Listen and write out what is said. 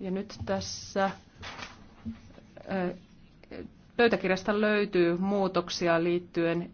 Ja nyt tässä pöytäkirjasta löytyy muutoksia liittyen